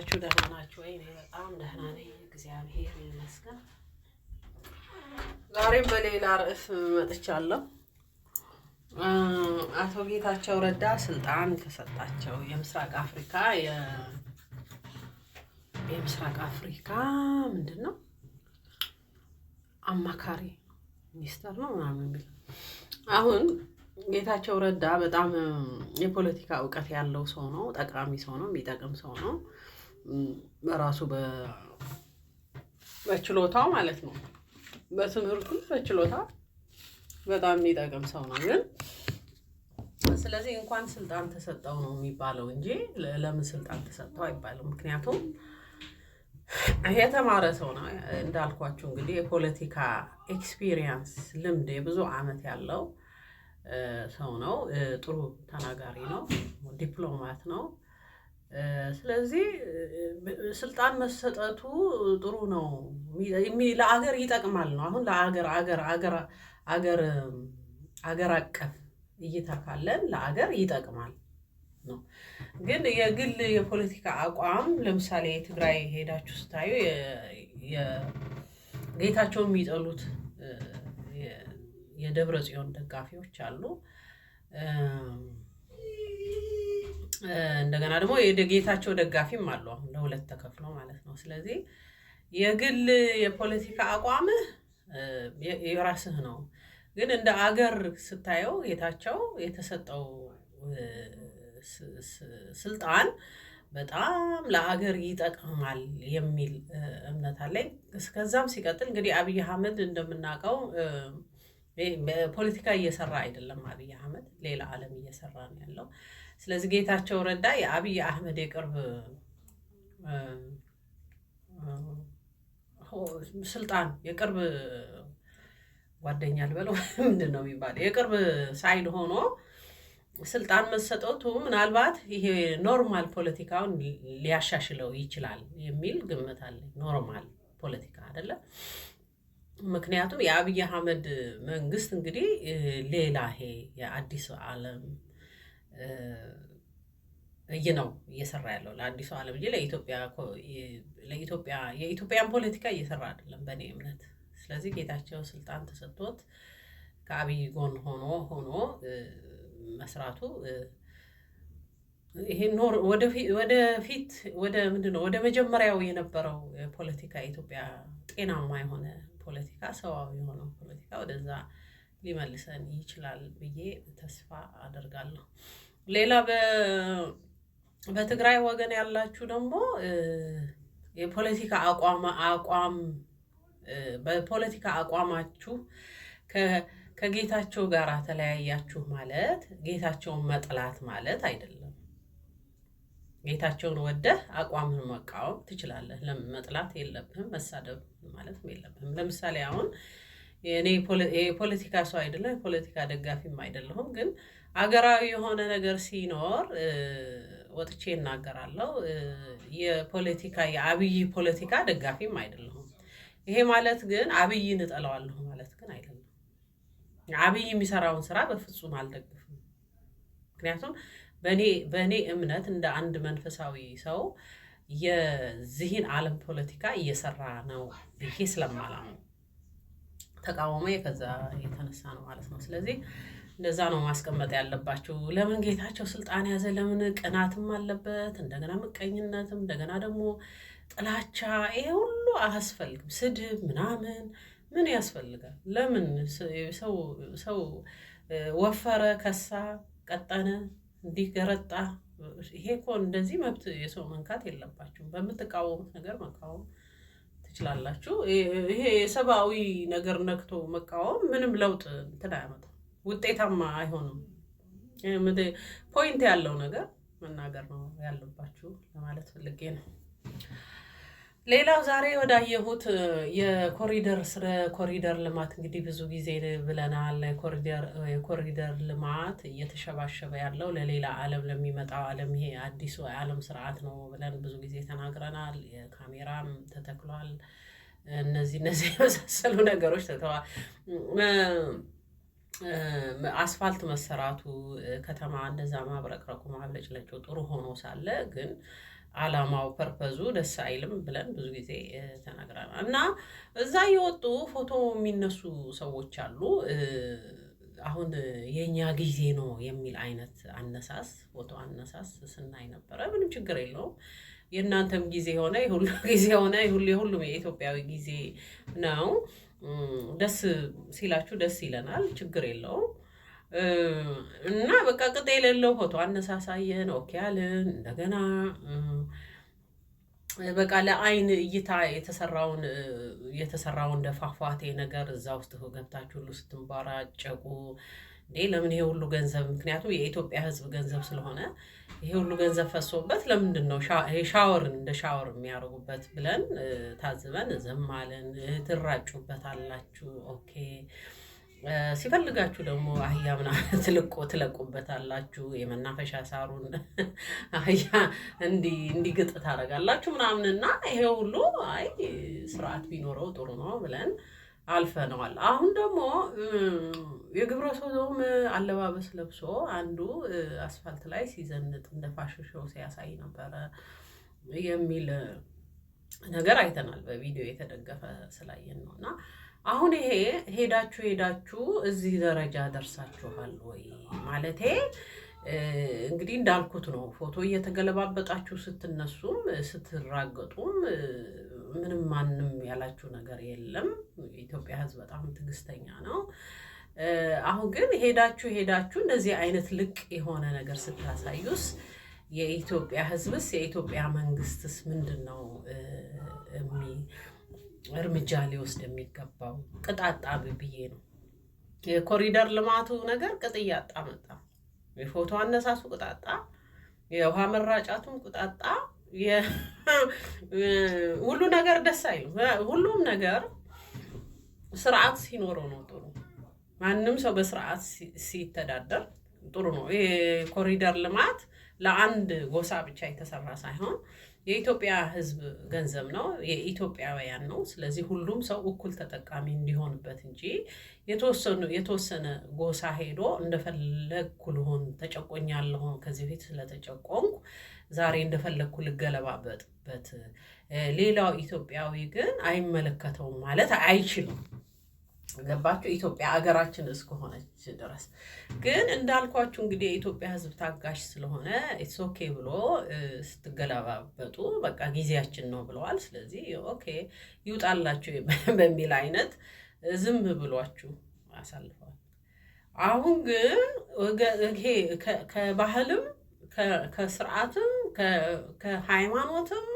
ናችሁ? ደህና ናችሁ ወይ? እኔ በጣም ደህና ነኝ፣ እግዚአብሔር ይመስገን። ዛሬም በሌላ ርዕስ መጥቻለሁ። አቶ ጌታቸው ረዳ ስልጣን ከሰጣቸው የምስራቅ አፍሪካ የምስራቅ አፍሪካ ምንድን ነው አማካሪ ሚኒስተር ነው ምናምን የሚል አሁን ጌታቸው ረዳ በጣም የፖለቲካ እውቀት ያለው ሰው ነው። ጠቃሚ ሰው ነው። የሚጠቅም ሰው ነው። በራሱ በችሎታው ማለት ነው፣ በትምህርቱ በችሎታ በጣም የሚጠቅም ሰው ነው። ግን ስለዚህ እንኳን ስልጣን ተሰጠው ነው የሚባለው እንጂ ለምን ስልጣን ተሰጠው አይባልም። ምክንያቱም የተማረ ሰው ነው እንዳልኳችሁ እንግዲህ የፖለቲካ ኤክስፒሪየንስ ልምድ የብዙ አመት ያለው ሰው ነው። ጥሩ ተናጋሪ ነው፣ ዲፕሎማት ነው። ስለዚህ ስልጣን መሰጠቱ ጥሩ ነው፣ ለአገር ይጠቅማል ነው። አሁን ለአገር አገር አገር አገር አገር አቀፍ እይታ ካለን ለአገር ይጠቅማል ነው። ግን የግል የፖለቲካ አቋም ለምሳሌ ትግራይ ሄዳችሁ ስታዩ ጌታቸው የሚጠሉት የደብረ ጽዮን ደጋፊዎች አሉ። እንደገና ደግሞ የጌታቸው ደጋፊም አሉ። አሁን ለሁለት ተከፍሎ ማለት ነው። ስለዚህ የግል የፖለቲካ አቋምህ የራስህ ነው። ግን እንደ አገር ስታየው ጌታቸው የተሰጠው ስልጣን በጣም ለአገር ይጠቅማል የሚል እምነት አለኝ። እስከዛም ሲቀጥል እንግዲህ አብይ አህመድ እንደምናውቀው ፖለቲካ እየሰራ አይደለም። አብይ አህመድ ሌላ ዓለም እየሰራ ነው ያለው ስለዚህ ጌታቸው ረዳ የአብይ አህመድ የቅርብ ስልጣን የቅርብ ጓደኛ ልበለው ምንድን ነው የሚባለው የቅርብ ሳይድ ሆኖ ስልጣን መሰጠቱ ምናልባት ይሄ ኖርማል ፖለቲካውን ሊያሻሽለው ይችላል የሚል ግምት አለ። ኖርማል ፖለቲካ አይደለም። ምክንያቱም የአብይ አህመድ መንግስት እንግዲህ ሌላ ይሄ የአዲስ ዓለም ነው እየሰራ ያለው ለአዲሱ ዓለም እንጂ ለኢትዮጵያ የኢትዮጵያን ፖለቲካ እየሰራ አይደለም በእኔ እምነት። ስለዚህ ጌታቸው ስልጣን ተሰጥቶት ከአብይ ጎን ሆኖ ሆኖ መስራቱ ይሄ ኖር ወደፊት ወደ ምንድን ነው ወደ መጀመሪያው የነበረው ፖለቲካ የኢትዮጵያ ጤናማ የሆነ ፖለቲካ ሰዋዊ የሆነው ፖለቲካ ወደዛ ሊመልሰን ይችላል ብዬ ተስፋ አደርጋለሁ። ሌላ በትግራይ ወገን ያላችሁ ደግሞ የፖለቲካ አቋም አቋም በፖለቲካ አቋማችሁ ከጌታቸው ጋር ተለያያችሁ ማለት ጌታቸውን መጥላት ማለት አይደለም። ጌታቸውን ወደህ አቋምን መቃወም ትችላለህ። መጥላት የለብህም፣ መሳደብ ማለት የለብህም። ለምሳሌ አሁን እኔ የፖለቲካ ሰው አይደለም፣ የፖለቲካ ደጋፊም አይደለሁም ግን አገራዊ የሆነ ነገር ሲኖር ወጥቼ እናገራለሁ። የፖለቲካ የአብይ ፖለቲካ ደጋፊም አይደለሁም። ይሄ ማለት ግን አብይን እጠለዋለሁ ማለት ግን አይደለም። አብይ የሚሰራውን ስራ በፍጹም አልደግፍም። ምክንያቱም በእኔ እምነት እንደ አንድ መንፈሳዊ ሰው የዚህን ዓለም ፖለቲካ እየሰራ ነው ብዬ ስለማላም ተቃውሞ ከዛ የተነሳ ነው ማለት ነው። ስለዚህ እንደዛ ነው ማስቀመጥ ያለባችሁ። ለምን ጌታቸው ስልጣን ያዘ? ለምን ቅናትም አለበት፣ እንደገና ምቀኝነትም፣ እንደገና ደግሞ ጥላቻ። ይሄ ሁሉ አያስፈልግም። ስድብ ምናምን ምን ያስፈልጋል? ለምን ሰው ወፈረ፣ ከሳ፣ ቀጠነ፣ እንዲህ ገረጣ። ይሄ እኮ እንደዚህ መብት የሰው መንካት የለባችሁም። በምትቃወሙት ነገር መቃወም ትችላላችሁ። ይሄ የሰብአዊ ነገር ነክቶ መቃወም ምንም ለውጥ እንትን አያመጣም። ውጤታማ አይሆንም። ፖይንት ያለው ነገር መናገር ነው ያለባችሁ ለማለት ፈልጌ ነው። ሌላው ዛሬ ወዳየሁት የኮሪደር ስለ ኮሪደር ልማት እንግዲህ ብዙ ጊዜ ብለናል። የኮሪደር ልማት እየተሸባሸበ ያለው ለሌላ ዓለም ለሚመጣው ዓለም ይሄ አዲሱ የዓለም ስርዓት ነው ብለን ብዙ ጊዜ ተናግረናል። የካሜራም ተተክሏል። እነዚህ እነዚህ የመሳሰሉ ነገሮች ተተዋል። አስፋልት መሰራቱ ከተማ እንደዛ ማብረቅረቁ ማብለጭለጩ ጥሩ ሆኖ ሳለ ግን አላማው ፐርፐዙ ደስ አይልም ብለን ብዙ ጊዜ ተነግረናል። እና እዛ የወጡ ፎቶ የሚነሱ ሰዎች አሉ። አሁን የእኛ ጊዜ ነው የሚል አይነት አነሳስ ፎቶ አነሳስ ስናይ ነበረ። ምንም ችግር የለውም። የእናንተም ጊዜ ሆነ የሁሉ ጊዜ ሆነ የሁሉም የኢትዮጵያዊ ጊዜ ነው። ደስ ሲላችሁ ደስ ይለናል። ችግር የለውም። እና በቃ ቅጥ የሌለው ፎቶ አነሳሳየን ኦኬ አልን። እንደገና በቃ ለአይን እይታ የተሰራውን የተሰራውን ደፋፋቴ ነገር እዛ ውስጥ ገብታችሁ ሁሉ ስትንባራጨቁ ለምን ይሄ ሁሉ ገንዘብ? ምክንያቱም የኢትዮጵያ ሕዝብ ገንዘብ ስለሆነ ይሄ ሁሉ ገንዘብ ፈሶበት ለምንድን ነው ሻወርን እንደ ሻወር የሚያደርጉበት ብለን ታዝበን ዝም አለን። ትራጩበት አላችሁ። ኦኬ ሲፈልጋችሁ ደግሞ አህያ ምናምን ትልቆ ትለቁበት አላችሁ። የመናፈሻ ሳሩን አህያ እንዲግጥ ታደርጋላችሁ ምናምን እና ይሄ ሁሉ አይ ስርዓት ቢኖረው ጥሩ ነው ብለን አልፈነዋል። አሁን ደግሞ የግብረ ሰዶም አለባበስ ለብሶ አንዱ አስፋልት ላይ ሲዘንጥ እንደ ሾው ሲያሳይ ነበረ የሚል ነገር አይተናል። በቪዲዮ የተደገፈ ስላየን ነው። እና አሁን ይሄ ሄዳችሁ ሄዳችሁ እዚህ ደረጃ ደርሳችኋል ወይ ማለቴ እንግዲህ እንዳልኩት ነው። ፎቶ እየተገለባበጣችሁ ስትነሱም ስትራገጡም ምንም ማንም ያላችሁ ነገር የለም። የኢትዮጵያ ሕዝብ በጣም ትዕግስተኛ ነው። አሁን ግን ሄዳችሁ ሄዳችሁ እንደዚህ አይነት ልቅ የሆነ ነገር ስታሳዩስ የኢትዮጵያ ሕዝብስ የኢትዮጵያ መንግስትስ ምንድን ነው እርምጃ ሊወስድ የሚገባው? ቅጣጣ ብዬ ነው የኮሪደር ልማቱ ነገር ቅጥ እያጣ መጣ። የፎቶ አነሳሱ ቅጣጣ፣ የውሃ መራጫቱም ቅጣጣ ሁሉ ነገር ደስ አይልም። ሁሉም ነገር ስርዓት ሲኖረው ነው ጥሩ። ማንም ሰው በስርዓት ሲተዳደር ጥሩ ነው። ኮሪደር ልማት ለአንድ ጎሳ ብቻ የተሰራ ሳይሆን የኢትዮጵያ ሕዝብ ገንዘብ ነው፣ የኢትዮጵያውያን ነው። ስለዚህ ሁሉም ሰው እኩል ተጠቃሚ እንዲሆንበት እንጂ የተወሰኑ የተወሰነ ጎሳ ሄዶ እንደፈለግኩ ልሆን ተጨቆኛለሁ፣ ከዚህ በፊት ስለተጨቆንኩ ዛሬ እንደፈለግኩ ልገለባበጥበት፣ ሌላው ኢትዮጵያዊ ግን አይመለከተውም ማለት አይችልም። ገባችሁ? ኢትዮጵያ አገራችን እስከሆነች ድረስ ግን እንዳልኳችሁ እንግዲህ የኢትዮጵያ ሕዝብ ታጋሽ ስለሆነ ኢትስ ኦኬ ብሎ ስትገለባበጡ በቃ ጊዜያችን ነው ብለዋል። ስለዚህ ኦኬ ይውጣላችሁ በሚል አይነት ዝም ብሏችሁ አሳልፈዋል። አሁን ግን ይሄ ከባህልም ከስርዓትም ከሃይማኖትም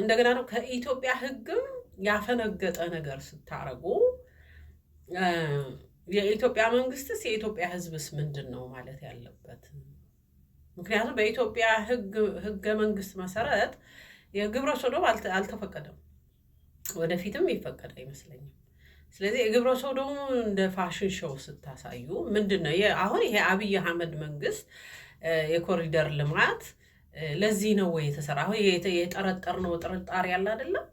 እንደገና ነው ከኢትዮጵያ ሕግም ያፈነገጠ ነገር ስታረጉ የኢትዮጵያ መንግስትስ የኢትዮጵያ ህዝብስ ምንድን ነው ማለት ያለበት? ምክንያቱም በኢትዮጵያ ህገ መንግስት መሰረት የግብረ ሶዶም አልተፈቀደም፣ ወደፊትም ይፈቀደ አይመስለኝም። ስለዚህ የግብረ ሶዶም እንደ ፋሽን ሾው ስታሳዩ ምንድን ነው አሁን ይሄ አብይ አህመድ መንግስት የኮሪደር ልማት ለዚህ ነው ወይ የተሰራ? አሁን የጠረጠር ነው ጥርጣሬ ያለ አይደለም፣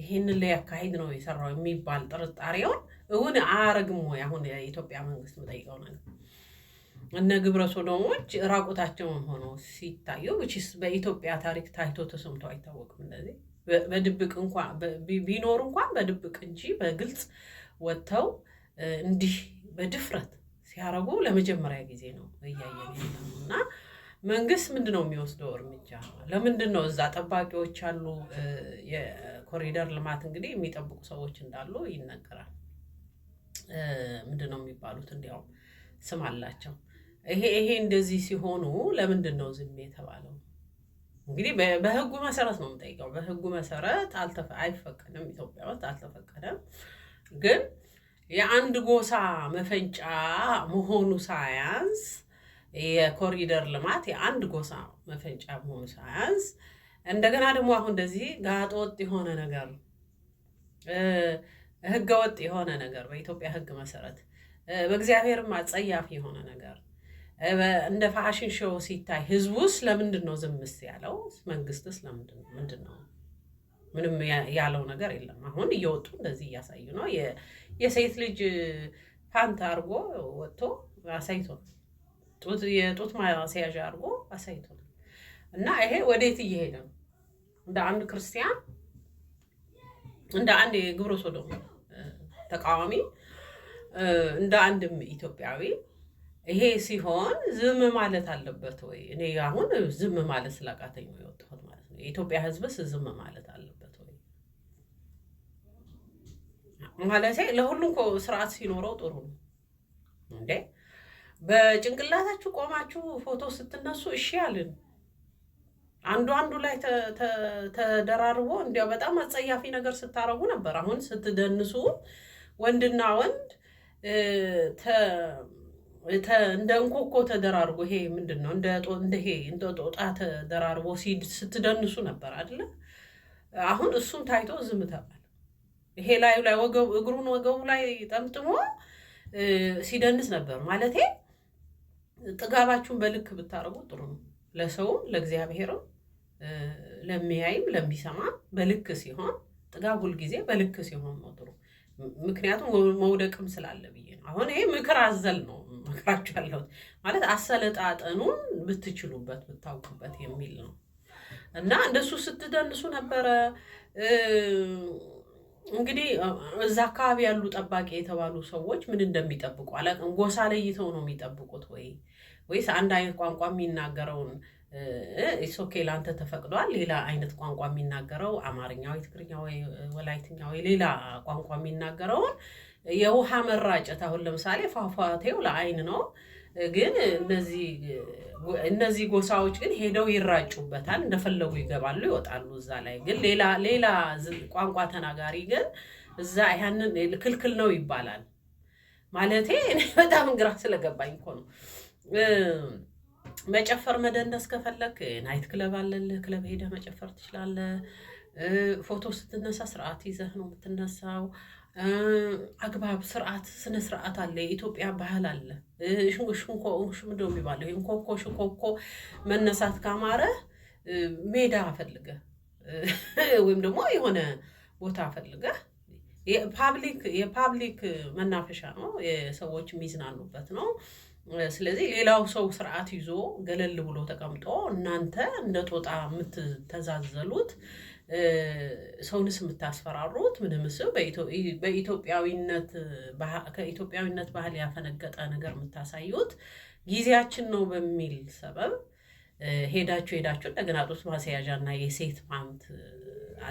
ይሄንን ሊያካሂድ ነው የሰራው የሚባል ጥርጣሬውን እውን አያረግም ወይ? አሁን የኢትዮጵያ መንግስት የምጠይቀው ነገር እነ ግብረ ሶዶሞች ራቁታቸውን ሆኖ ሲታዩ ችስ በኢትዮጵያ ታሪክ ታይቶ ተሰምቶ አይታወቅም። እንደዚህ በድብቅ እንኳን ቢኖር እንኳን በድብቅ እንጂ በግልጽ ወጥተው እንዲህ በድፍረት ሲያረጉ ለመጀመሪያ ጊዜ ነው እያየን እና መንግስት ምንድን ነው የሚወስደው እርምጃ? ለምንድን ነው እዛ ጠባቂዎች አሉ? የኮሪደር ልማት እንግዲህ የሚጠብቁ ሰዎች እንዳሉ ይነገራል። ምንድን ነው የሚባሉት? እንዲያውም ስም አላቸው። ይሄ ይሄ እንደዚህ ሲሆኑ ለምንድን ነው ዝም የተባለው? እንግዲህ በህጉ መሰረት ነው የምጠይቀው። በህጉ መሰረት አይፈቀድም፣ ኢትዮጵያ ውስጥ አልተፈቀደም። ግን የአንድ ጎሳ መፈንጫ መሆኑ ሳያንስ የኮሪደር ልማት የአንድ ጎሳ መፈንጫ መሆኑ ሳያንስ እንደገና ደግሞ አሁን እንደዚህ ጋጦጥ የሆነ ነገር ህገወጥ የሆነ ነገር በኢትዮጵያ ህግ መሰረት በእግዚአብሔርም አጸያፊ የሆነ ነገር እንደ ፋሽን ሾው ሲታይ ህዝቡስ ለምንድን ነው ዝምስ ያለው? መንግስትስ ለምንድን ነው ምንም ያለው ነገር የለም። አሁን እየወጡ እንደዚህ እያሳዩ ነው። የሴት ልጅ ፓንት አድርጎ ወጥቶ ነው። የጡት ማስያዣ አድርጎ ነው። እና ይሄ ወዴት እየሄደ ነው? እንደ አንድ ክርስቲያን እንደ አንድ የግብረ ሶዶም ተቃዋሚ እንደ አንድም ኢትዮጵያዊ ይሄ ሲሆን ዝም ማለት አለበት ወይ? እኔ አሁን ዝም ማለት ስላቃተኝ ነው የወጣሁት ማለት ነው። የኢትዮጵያ ሕዝብስ ዝም ማለት አለበት ወይ? ማለት ለሁሉም ስርዓት ሲኖረው ጥሩ ነው እንዴ። በጭንቅላታችሁ ቆማችሁ ፎቶ ስትነሱ እሺ አልን። አንዱ አንዱ ላይ ተደራርቦ እንዲያው በጣም አጸያፊ ነገር ስታረጉ ነበር። አሁን ስትደንሱ ወንድና ወንድ እንደ እንኮኮ ተደራርጎ ይሄ ምንድን ነው? እንደ ይሄ እንደ ጦጣ ተደራርቦ ስትደንሱ ነበር አይደለ? አሁን እሱም ታይቶ ዝም ተባለ። ይሄ ላዩ ላይ እግሩን ወገቡ ላይ ጠምጥሞ ሲደንስ ነበር ማለቴ። ጥጋባችሁን በልክ ብታረጉ ጥሩ ነው፣ ለሰውም ለእግዚአብሔርም ለሚያይም ለሚሰማም በልክ ሲሆን ጥጋብ ሁልጊዜ በልክ ሲሆን ነው ጥሩ ምክንያቱም መውደቅም ስላለ ብዬ ነው። አሁን ይሄ ምክር አዘል ነው ምክራችሁ ያለሁት ማለት አሰለጣጠኑን ብትችሉበት ብታውቁበት የሚል ነው እና እንደሱ ስትደንሱ ነበረ። እንግዲህ እዛ አካባቢ ያሉ ጠባቂ የተባሉ ሰዎች ምን እንደሚጠብቁ አላውቅም። ጎሳ ለይተው ነው የሚጠብቁት ወይ ወይስ አንድ አይነት ቋንቋ የሚናገረውን ሶኬ ለአንተ ተፈቅዷል። ሌላ አይነት ቋንቋ የሚናገረው አማርኛ ወይ ትግርኛ ወይ ወላይትኛ ወይ ሌላ ቋንቋ የሚናገረውን የውሃ መራጨት አሁን ለምሳሌ ፏፏቴው ለአይን ነው፣ ግን እነዚህ ጎሳዎች ግን ሄደው ይራጩበታል፣ እንደፈለጉ ይገባሉ፣ ይወጣሉ። እዛ ላይ ግን ሌላ ቋንቋ ተናጋሪ ግን እዛ ያንን ክልክል ነው ይባላል። ማለቴ በጣም ግራ ስለገባኝ እኮ ነው። መጨፈር መደነስ ከፈለክ ናይት ክለብ አለልህ። ክለብ ሄደህ መጨፈር ትችላለህ። ፎቶ ስትነሳ ስርዓት ይዘህ ነው የምትነሳው። አግባብ፣ ስርዓት፣ ስነ ስርዓት አለ። የኢትዮጵያ ባህል አለ። ሽንኮ ምንድ የሚባለው ኮኮ ሽኮኮ መነሳት ካማረ ሜዳ አፈልገ ወይም ደግሞ የሆነ ቦታ ፈልገ የፓብሊክ መናፈሻ ነው፣ የሰዎች የሚዝናኑበት ነው ስለዚህ ሌላው ሰው ስርዓት ይዞ ገለል ብሎ ተቀምጦ እናንተ እንደ ጦጣ የምትተዛዘሉት ሰውንስ የምታስፈራሩት ምንምስ በኢትዮጵያዊነት ከኢትዮጵያዊነት ባህል ያፈነገጠ ነገር የምታሳዩት ጊዜያችን ነው በሚል ሰበብ ሄዳችሁ ሄዳችሁ እንደገና ጡት ማስያዣ እና የሴት ፓንት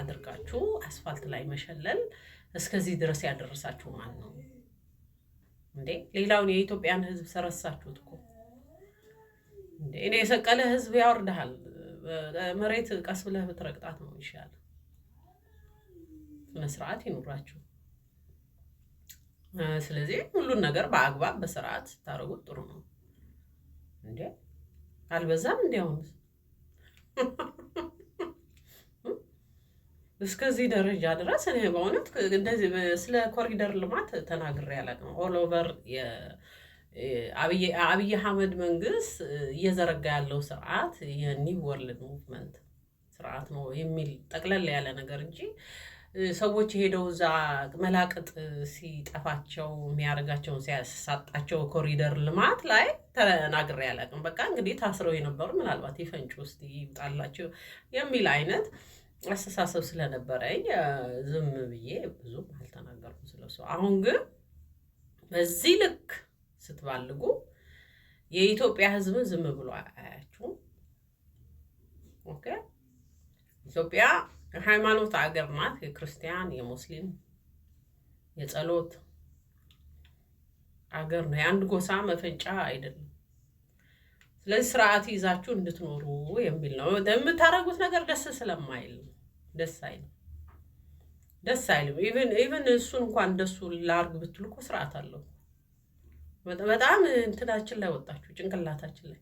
አድርጋችሁ አስፋልት ላይ መሸለል እስከዚህ ድረስ ያደረሳችሁ ማን ነው? እንዴ ሌላውን የኢትዮጵያን ህዝብ ሰረሳችሁት እኮ እኔ የሰቀለ ህዝብ ያወርድሃል። መሬት ቀስ ብለህ ብትረግጣት ነው ይሻል። መስርዓት ይኑራችሁ። ስለዚህ ሁሉን ነገር በአግባብ በስርዓት ስታደርጉት ጥሩ ነው። እንዴ አልበዛም እንዲያውም እስከዚህ ደረጃ ድረስ እኔ በእውነት እንደዚህ ስለ ኮሪደር ልማት ተናግሬ አላውቅም። ኦል ኦቨር አብይ አህመድ መንግስት እየዘረጋ ያለው ስርዓት የኒው ወርልድ ሙቭመንት ስርዓት ነው የሚል ጠቅለል ያለ ነገር እንጂ ሰዎች የሄደው እዛ መላቅጥ ሲጠፋቸው የሚያደርጋቸውን ሲያሳጣቸው ኮሪደር ልማት ላይ ተናግሬ አላውቅም። በቃ እንግዲህ ታስረው የነበሩ ምናልባት ይፈንጭ ውስጥ ይውጣላቸው የሚል አይነት አስተሳሰብ ስለነበረኝ ዝም ብዬ ብዙ አልተናገርኩም ስለሱ። አሁን ግን በዚህ ልክ ስትባልጉ የኢትዮጵያ ሕዝብን ዝም ብሎ አያችሁም። ኦኬ ኢትዮጵያ የሃይማኖት አገር ናት። የክርስቲያን፣ የሙስሊም፣ የጸሎት አገር ነው። የአንድ ጎሳ መፈንጫ አይደለም። ስለዚህ ስርዓት ይዛችሁ እንድትኖሩ የሚል ነው። የምታደርጉት ነገር ደስ ስለማይል ደስ አይልም፣ ደስ አይልም። ኢቨን እሱን እንኳን እንደሱ ላርግ ብትሉ እኮ ስርዓት አለው። በጣም እንትናችን ላይ ወጣችሁ፣ ጭንቅላታችን ላይ።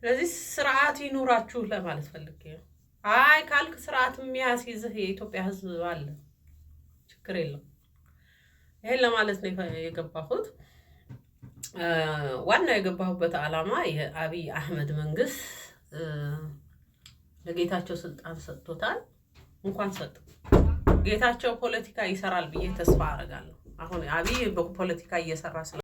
ስለዚህ ስርዓት ይኑራችሁ ለማለት ፈልጌ ነው። አይ ካልክ ስርዓት የሚያስይዝህ የኢትዮጵያ ሕዝብ አለ፣ ችግር የለም። ይሄን ለማለት ነው የገባሁት። ዋና የገባሁበት ዓላማ የአብይ አህመድ መንግስት ለጌታቸው ስልጣን ሰጥቶታል። እንኳን ሰጥ ጌታቸው ፖለቲካ ይሰራል ብዬ ተስፋ አደርጋለሁ። አሁን አብይ በፖለቲካ እየሰራ ስለ